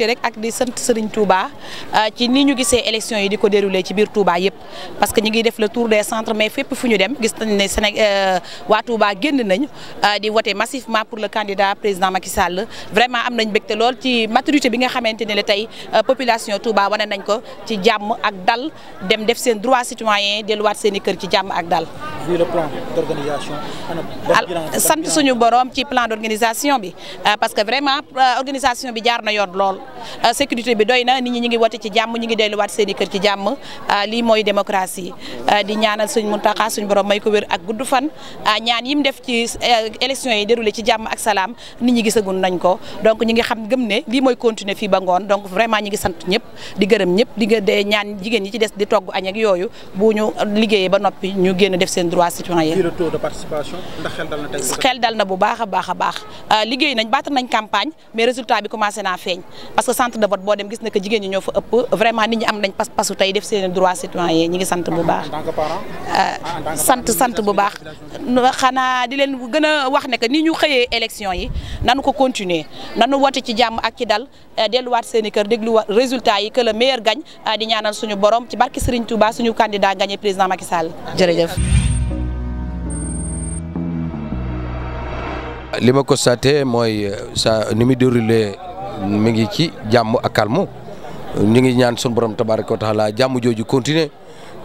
mbégte rek ak di sant Serigne Touba euh, ci ni ñu gisee élection yi diko ko déroulé ci biir Touba yépp parce que ñi ngi def le tour des centres mais fépp fuñu dem gis nañ né Sénégal euh, waa Touba génn nañ euh, di voter massivement pour le candidat président Macky Sall vraiment am nañ bëkté lool ci maturité bi nga xamanténi ne la population Touba wané nañ ko ci jamm ak dal dem def sen droit citoyen delluwaat wat i kër ci jamm ak dal. vu le plan d'organisation. sant suñu borom ci plan d'organisation bi parce que vraiment organisation bi jaar na yoon lool. Euh, sécurité bi doy na nit ñi ñu ngi wote ci jàmm ñu ngi delluwaat seen i kër ci jàmm euh, lii mooy démocratie euh, di ñaanal suñ Muntaxa suñ borom may ko wér ak gudd fan ñaan yim def ci élection yi derule ci jàmm ak salaam nit ñi gisagun nañ ko donc ñi ngi xam gëm ne lii mooy continuer fii ba ngoon donc vraiment ñi ngi sant ñëpp di gërëm ñëpp di dee ñaan jigéen ñi ci des di togg añ ak yooyu bu ñu liggéeyee ba noppi ñu génn def seen droit citoyen yi taux xel dal na bu baax a baax a baax liggéey nañ battre nañ campagne mais résultat bi commencé naa feeñ parce que centre de vote bo dem gis na ko jigen ñi ñoo fa ëpp vraiment nit ñi am nañ pas-pasu tay def seen droit citoyen ñi ngi sante bu baax sante euh, ah, sante bu baax xana di leen gëna wax ne ko ni ñu xëyee élection yi nanu ko continuer nanu wote ci jamm ak ci dal euh, delu wat seen i kër déglu résultat yi que le meilleur gagne euh, di ñaanal suñu borom ci barki Serigne Touba suñu candidat gagné président Macky Sall jërëjëf lima ko saté moy sa ni mu déroulé mi ngi ci jàmm ak calme ñu ngi ñaan sun borom tabaaraka wa taala jàmm jooju continuer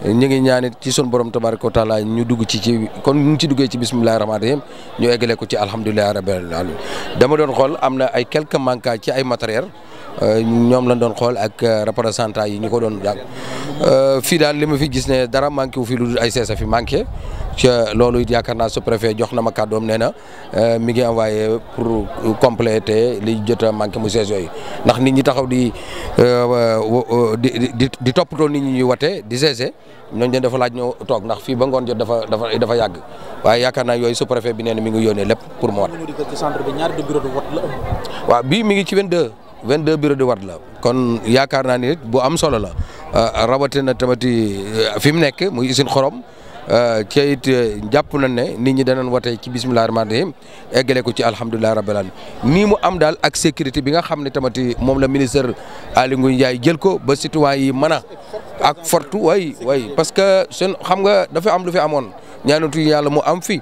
ñu ngi ñaanit ci sun borom tabaaraka wa taala ñu dugg ci ci kon ñu ci duggee ci bismillahi rahmaani rahim ñu eggale ko ci alhamdulillahi rabbil alamin dama doon xool am na ay quelques manquants ci ay matériel Euh, ñoom lañ doon xool ak euh, représentant yi ñu ko doon jàng euh, fii daal li ma fi gis ne dara manqué wu fi lu ay seesa fi manqué ci loolu it yaakaar naa sous jox na ma kàddoom nee na mi ngi envoyé pour compléter li jot manqué mu sees yooyu ndax nit ñi taxaw di di di toppatoo nit ñi ñuy wate di seese ñooñ dañ dafa laaj ñoo toog ndax fii ba ngoon jot dafa dafa dafa yàgg waaye yaakaar naa yooyu sous-préfet bi nee na mi ngi yónnee lépp pour mu wat. waaw bii mi ngi ci 22 bureau de vote la kon yaakaar naa ni bu am solo la euh, rawatina tamati euh, fi mu nekk mu usine xorom euh, ci it jàpp nañ ne nit ñi danañ wate ci bisimilah rahmaani rahim ko ci alhamdulilah rabbil alamin nii mu am daal ak sécurité bi nga xam ne tamati moom la ministre Aly Ngouille Ndiaye jël ko ba citoyen yi mën ak fortu way way parce que seen xam nga dafa am lu fi amoon ñaanatu yàlla mu am fi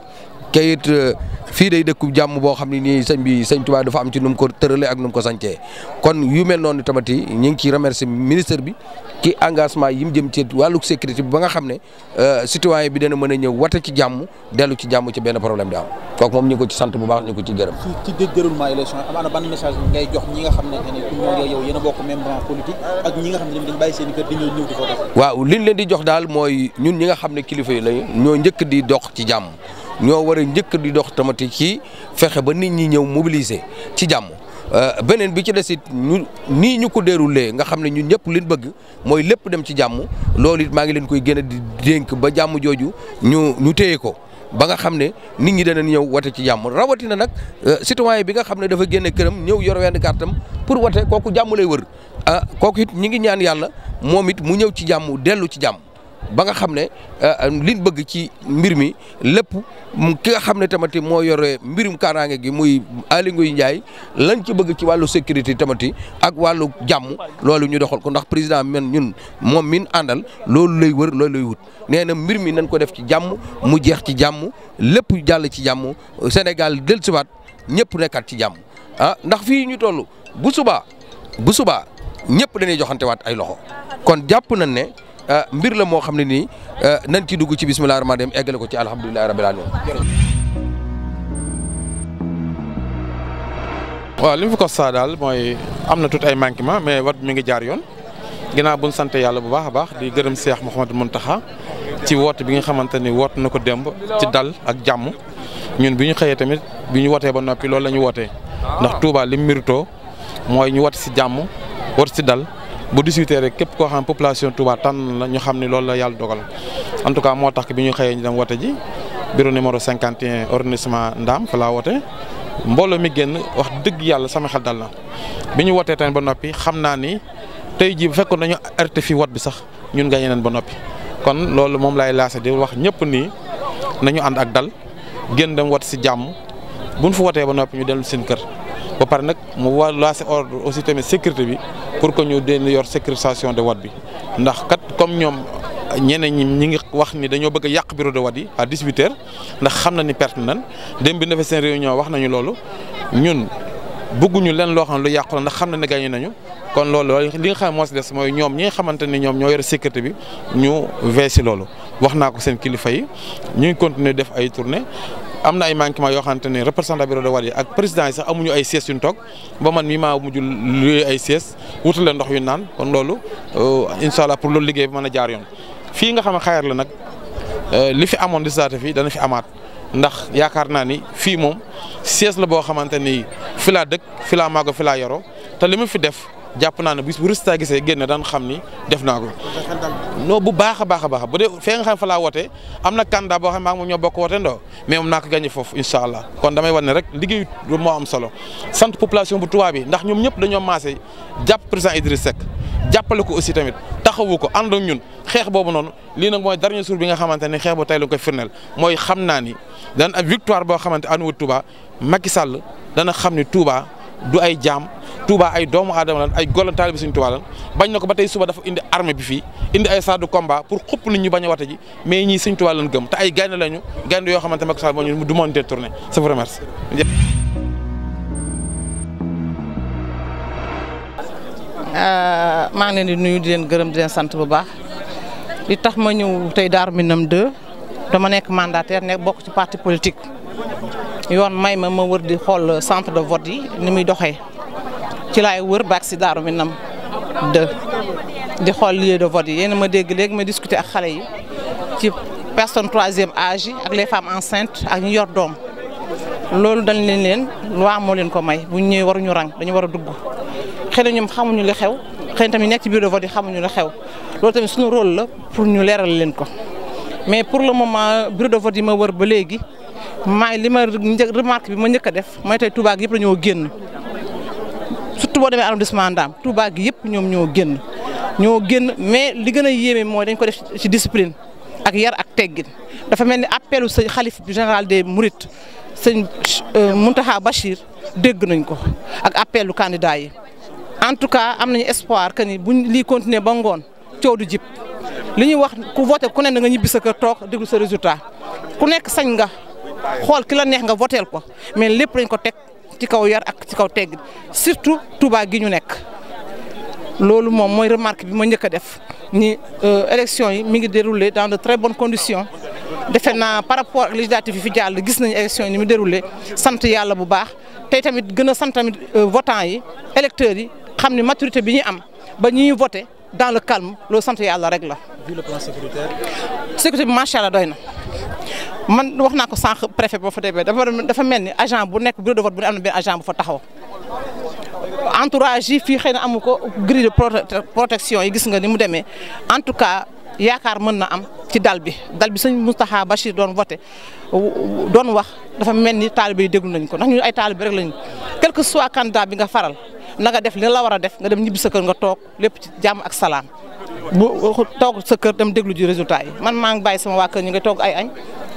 kayit euh, fii day dëkku jàmm boo xam ne nii sañ bi sëñ Tuubaa dafa am ci nu ko tëralee ak nu mu ko sañcee kon yu mel noonu tamati ñu ngi ciy remercier ministre bi ki engagement yi mu jëm ci wàllu sécurité bi ba nga xam ne euh, citoyen bi dana mën a ñëw wate ci jàmm dellu ci jàmm ci benn problème di am kooku moom ñu ngi ko sant bu baax ñu ko ci gërëm. ci ne que yow yéen a bokk même branche politique ak nga xam ne dañ bàyyi seen kër di ñëw waaw liñ leen di jox daal mooy ñun ñi nga xam ne kilifa yi la ñoo njëkk di dox ci jàmm ñoo war a njëkk di dox tamati ci fexe ba nit ñi ñëw mobiliser ci jàmm euh, beneen bi ci desit it ñu nii ñu ko derulee nga xam ne ñun ñëpp liñ bëgg mooy lépp dem ci jàmm loolu it maa ngi leen koy gën a di dénk ba jàmm jooju ñu ñu téye ko. ba nga xam ne nit ñi danañ ñëw wote ci jàmm rawatina nag euh, citoyen bi nga xam ne dafa génne kërëm ñëw yor wenn kartam pour kooku jàmm lay wër ah kooku it ñi ngi ñaan yàlla moom it mu ñëw ci jàmm dellu ci jàmm. ba nga xam ne euh, liñ bëgg ci mbir mi lépp ki nga xam ne tamati moo yore mbirum kaaraange gi muy Aly Ngouille Ndiaye lañ ci bëgg ci wàllu sécurité tamati ak wàllu jàmm loolu ñu doxal ko ndax président man ñun moom min àndal loolu lay wër loolu lay wut nee na mbir mi nañ ko def ci jàmm mu jeex ci jàmm lépp jàll ci jàmm Sénégal del siwaat ñëpp nekkaat ci jàmm ah ndax fii ñu toll bu subaa bu subaa ñëpp dañuy joxante waat ay loxo kon jàpp nañ ne Euh, mbir la moo xam ne nii euh, nañ ci dugg ci bisimilah rahmaan dem eggale ko ci alhamdulilah rabil alamin waaw li mu fi constat daal mooy am na tuut ay manquement mais wat mi ngi jaar yoon ginnaaw bu ñu sant yàlla bu baax a baax di gërëm Cheikh Mouhamadou taxa ci woote bi nga xamante ni woote na ko demb ci dal ak jàmm ñun bi ñu xëyee tamit bi ñu wootee ba noppi loolu la ñu wootee ndax Touba li mu miritoo mooy ñu wot si jàmm wat si dal. bu 18 rek kep ko xam population Touba tan ñu xam ne loolu la yalla dogal en tout cas motax bi ñu xeye ñu dem wote ji bureau numéro 51 arrondissement Ndam fa la wote mbolo mi genn wax deug yalla sama xal dal na biñu wote tan ba nopi xamna ni tay ji fekk nañu dañu fi fii bi sax ñun gañé nañ ba nopi kon loolu mom lay laase di wax ñepp ni nañu and ak dal genn dem wot ci jamm buñ fu wote ba nopi ñu delu seen kër ba pare nag mu waa lancé ordre aussi tamit sécurité bi pour que ñu den yor sécurisation de wat bi ndax kat comme ñoom ñeneen ñi ñi ngi wax ni dañoo bëgg a yàq bureau de wat yi à 18 heures ndax xam na ni perte nan démb bi defee seen réunion wax nañu loolu ñun bëgguñu leen loo xam ne lu yàqu la ndax xam na ne gagné nañu kon loolu li nga xam moo si des mooy ñoom ñi nga xamante ni ñoom ñoo yore sécurité bi ñu veillé si loolu wax naa ko seen kilifa yi ñu ngi continuer def ay tournée am na ay manquement yoo xamante ne représentant bureau de wàll yi ak président yi sax amuñu ay sièges yu ñu toog ba man mi maa mujj luy ay sièges wutal leen ndox yu naan kon loolu euh, incha allah pour loolu liggéey bi mën a jaar yoon. fii nga xam ne la nag euh, li fi amoon législative yi dana fi amaat ndax yaakaar naa ni fii moom siège la boo xamante ni fi laa dëkk fi laa màggo fi laa yoro te li mu fi def. jàpp naa ne bis bu résultat gisee génne daan xam ni def naa ko non bu baax a baax a baax bu dee fee nga xam fa laa woote am na kanda boo xam maa ngi moom ñoo bokk wote ndoo mais moom naa ko gagné foofu incha allah kon damay wan ne moo am solo sant population bu Touba bi ndax ñoom ñëpp dañoo maase jàpp président Idriss Seck jàppale ko aussi tamit taxawu ko ànd ak ñun xeex boobu noonu lii nag mooy dernier jour bi nga xamante ne xeex bu tey la ko firndeel mooy xam naa ni daan am victoire boo xamante annuwul Touba Macky Sall dana xam ni Touba du ay jaam Touba ay doomu aadama lan ay golan taalibi Sëriñ Touba bañ na ko ba tey suba dafa indi armée bi fii indi ay chars de combat pour xupp nit ñu bañ a wate ji mais ñii Sëriñ Touba lan gëm te ay gaynde lañu gaynde yoo xamante Macky Sall moo ñu du moon détourné ça vous remercie euh, maa ngi leen di leen gërëm di leen sant bu baax li tax ma ñëw tey Darou Minam 2 dama nekk mandataire nekk bokk ci parti politique yoon may ma ma wër di xool centre de vote yi ni muy doxee ci laay wër baag si Daaru Minam de di xool lieu de vote yi yéen ma dégg léegi ma discuter ak xale yi ci personne troisième âge ak les femmes enceintes ak ñu yor doom loolu dañ leen leen loi moo leen ko may bu ñu ñëwee waruñu rang dañu war a dugg xëy na ñoom xamuñu li xew xëy na tamit nekk ci biir de vote yi xamuñu la xew loolu tamit suñu rol la pour ñu leeral leen ko mais pour le moment bureau de vote léegi. maay lima ma remarque bi ma njëkk a def mooy tey Touba gi yëpp dañoo génn surtout boo demee arrondissement Ndam Touba gi yëpp ñoom ñoo génn ñoo génn mais li gën a yéeme mooy dañ ko def ci discipline ak yar ak teggin dafa mel ni appelu sëñ xalif général des murit sëñ euh, Mountakha Bachir dégg nañ ko ak appelu candidat yi en tout cas am nañ espoir que ni buñ lii continuer ba ngoon coow du jib li ñuy wax ku voté ku ne na nga ñibbi sa kër toog déglu sa résultat ku nekk sañ nga. xol ki la neex nga voter ko mais lepp lañ ko tek ci kaw yar ak ci kaw tegg surtout Touba gi ñu nekk lolu mom moy remarque bi ma njëkk def ni euh, élection yi mi ngi dérouler dans de très bonnes conditions defe par rapport ak législative fi jall gis nañ élection yi ni mu déroulé sante yalla bu baax tay tamit gëna sante tamit euh, votants yi électeurs yi xamni maturité bi ñi am ba ñi voter dans le calme lo sante yalla rek la. vu le plan sécuritaire. sécurité bi macha allah man wax naa ko sank préfet bo fa débé dafa dafa melni agent bu nek bureau de vote bu amna ben agent bu fa taxaw entourage yi fii xëy amu ko grille de protection yi gis nga ni mu démé en tout cas yaakaar mën na am ci dal bi dal bi seigne Moustapha Bachir don voté don wax dafa melni ni yi déglu nañ ko ndax ñu ay talib rek lañ quel que soit candidat bi nga faral na nga def li la wara def nga dem ñibbi sa kër nga tok lepp ci jamm ak salam bu tok sa kër dem déglu ji résultat yi man ma ngi bay sama wa kër ñu nga tok ay añ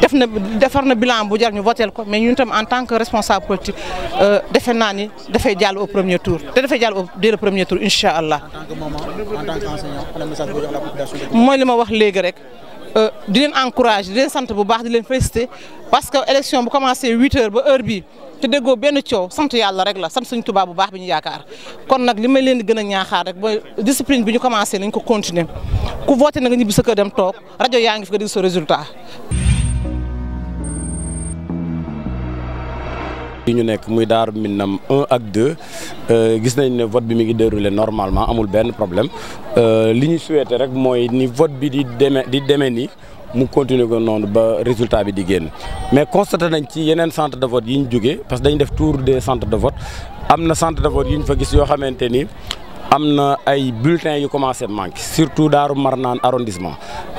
def na defar na bilan bu jar ñu votel ko mais ñun tam en tant que responsable politique euh, defe naa ni dafay jàll au premier tour te dafay jàll dès le premier tour incha allah. mooy li ma wax léegi rek euh, di leen encouragé di leen sant bu baax di leen félicité parce que élection bu commencé huit heures ba heure bi te déggoo benn coow sant yàlla rek la sant suñu tubaab bu baax bi ñu yaakaar kon nag li may leen di gën a ñaaxaar rek mooy discipline bi ñu commencé nañ ko continuer ku voté na nga sa kër dem toog rajo yaa ngi fi résultat Nous ñu nekk muy Minam 1 ak 2 euh, gis nañ ne vote bi mi ngi déroulé normalement amul n'y problème euh, li ñu problème. rek que ni vote bi di le di demee nii mu continuer ko non ba résultat bi di génn mais constaté nañ ci yeneen centre de vote yi ñu jógee parce que dañ def tour des centres de vote amna centre de vote yi ñu fa gis yo xamante amna ay bulletins yu commencé manqué surtout daru marnan arrondissement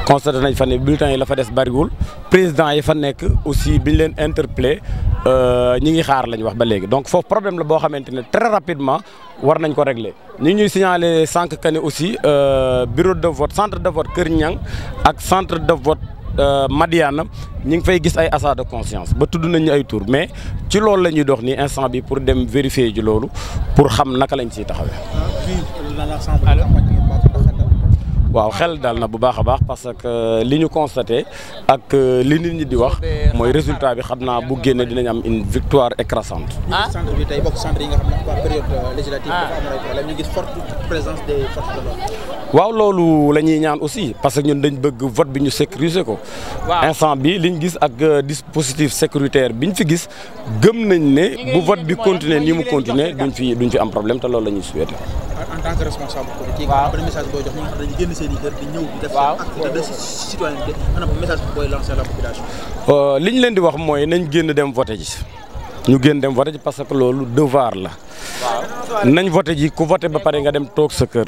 constaté nañ fa ne bulletins yi la fa des bariwul président yi fa nekk aussi bi ñu leen interpellé ñi ngi xaar lañ wax ba léegi donc foofu problème la boo xamante ne très rapidement war nañ ko régler ñu ñuy signalé sànq que ne aussi bureau de vote centre de vote Kër Ñang ak centre de vote Madiana ñi ngi fay gis ay assas de conscience ba tudd nañ ñu ay tour mais ci loolu la ñuy dox nii instant bi pour dem vérifier ji loolu pour xam naka lañ ciy taxawee waaw xel daal na bu baakha a baax parce que euh, liñu ñu constaté ak euh, li nit ñi di wax moy résultat bi xam bu génne dinañ am une victoire écrasante. Ah. centre bi tay bok centre yi nga xam ne période euh, législative ah. dafa am ay problème ñu gis forte présence des forces de l'ordre. waaw loolu lañuy ñaan aussi parce que ñun dañ bëgg vote bi ñu sécuriser ko. instant bi liñ gis ak dispositif sécuritaire biñ fi gis gëm nañ ne bu vote bi continuer ni mu continuer duñ fi duñ fi am problème te loolu lañuy ñuy souhaiter. tant que responsable politique waaw ban message booy jox ñi nga xam dañu génn seen i kër di ñëw di def waaw acte de de maanaam message booy lancer la population li ñu leen di wax mooy nañ génn dem voté ji ñu génn dem voté ji parce que loolu devoir la nañ voté ji ku voté ba pare nga dem toog sa kër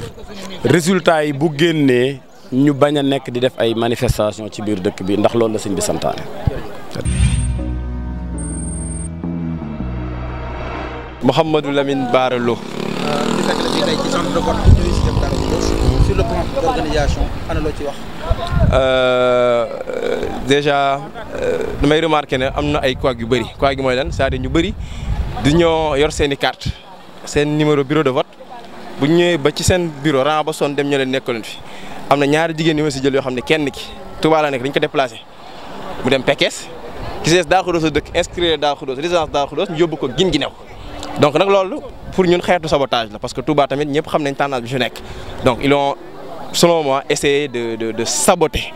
résultat yi bu génnee ñu bañ a nekk di def ay manifestation ci biir dëkk bi ndax loolu la sëñ bi santaane Mouhamadou Lamine Bara Lo euh, tey ci centre de vote bu municipal Darou Khoudoss sur le plan d' organisation ana loo ci wax. Eh, déjà eh, damay remarqué ne am na ay quoi yu bëri quoi gi mooy lan c'est-à-dire ñu bëri di ñoo yor seen i carte seen numéro bureau de vote bu ñu ñëwee ba ci seen bureau rang ba sonn dem ñu leen nekkoon fi am na ñaari jigéen yu ma si jël yoo xam ne kenn ki Touba la nekk dañ ko déplacé mu dem Pekes ki sees Darou Khoudoss dëkk inscrire Darou Khoudoss résidence Darou Khoudoss ñu yóbbu ko Guinguinéo donc pour nous, pour ñun sabotage la parce que Touba tamit ñepp xam nañ tanal bi donc ils ont selon moi essayé de saboter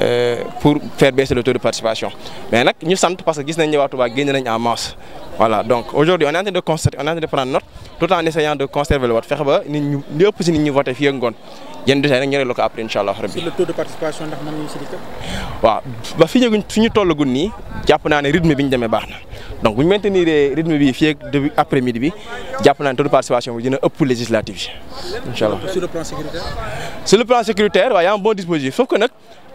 euh, pour faire baisser le taux de participation mais nous ñu tous parce que gis nañ ni Touba nañ en masse voilà donc aujourd'hui on est en train de constater on est en train de prendre note tout en essayant de conserver le vote fexe ba nit ñu lépp ci nit ñu voté fii ak ngoon yéen déjà rek ñoree la après incha rabbi. sur le taux de participation ndax man ñu ci dikk. waaw ba fi ñu fi ñu tollagul ni japp naa ne rythme biñu démé baxna donc bu ñu maintenir rythme bi fii ak début après midi bi japp naa taux de participation bi dina ëpp législative bi sur le plan sécuritaire. sur le plan sécuritaire waaw y un bon dispositif sauf que nak